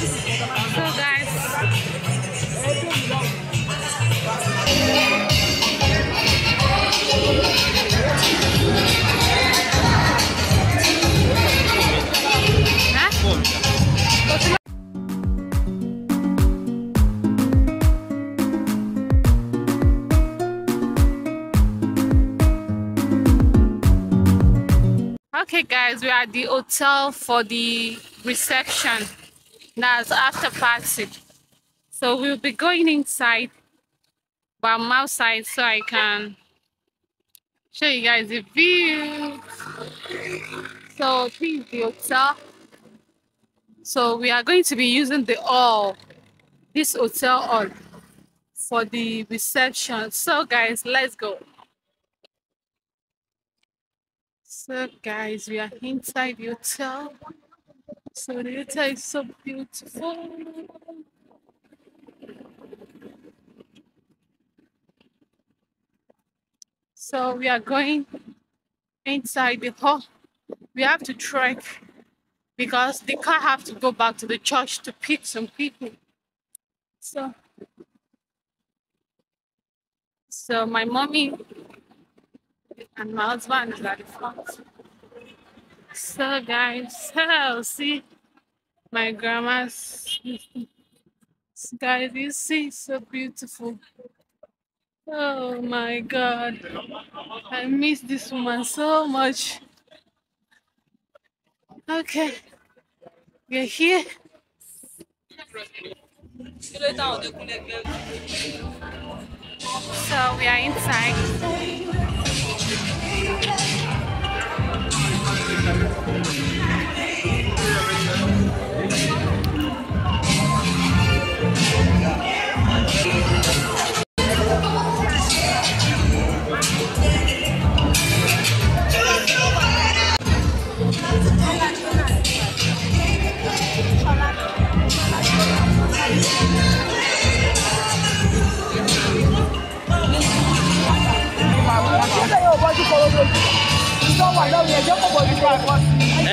So guys. Huh? okay guys we are at the hotel for the reception that's after passage, So we'll be going inside, but I'm outside so I can show you guys the view. So this the hotel. So we are going to be using the all this hotel hall, for the reception. So guys, let's go. So guys, we are inside the hotel. So it tastes so beautiful. So we are going inside the hall. We have to trek because the car have to go back to the church to pick some people. So, so my mommy and my husband are at the front. So guys, so see my grandma's sky. This sea is so beautiful. Oh my god. I miss this woman so much. Okay. We're here. So we are inside.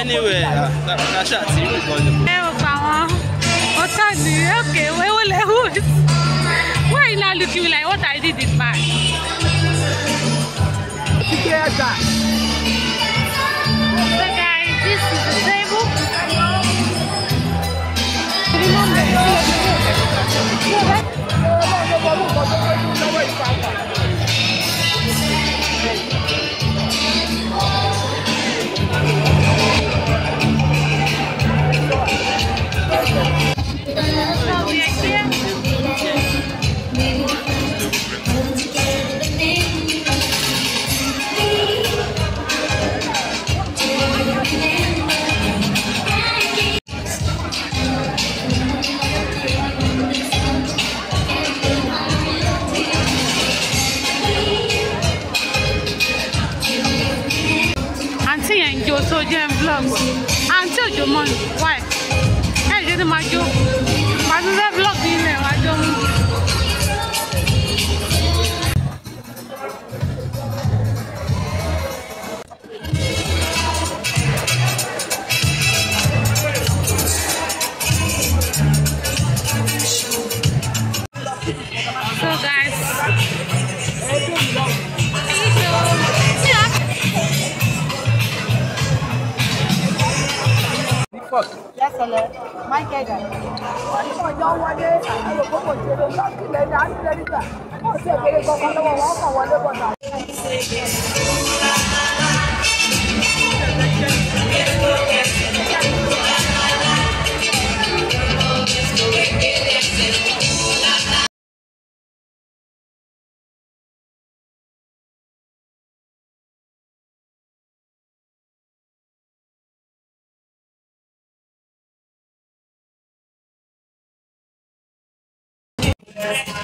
anyway kàṣà tí ìlú kan lò. ẹ ò gbà wọn ó tọ́ ni okay we will is why you na looking like what I did is bad. vlog àǹtí òjò mọ́nu wáì ẹ̀ ṣe ni máa course. Yes, Ele. My Kega. Wọ́n jọ wọlé àti òkókò tí ó lọ sílẹ̀ ní àtìlẹ́yìn gbà. Wọ́n sì ẹ̀gbẹ́rẹ́ kọ̀ọ̀kan lọ́wọ́ wọn kàn wọlé bọ̀dà. Yeah.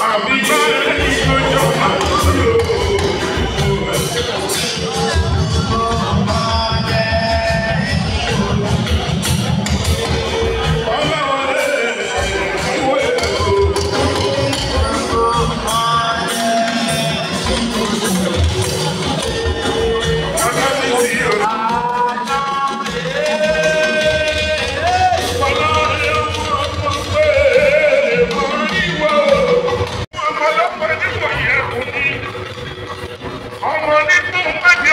I'll be right.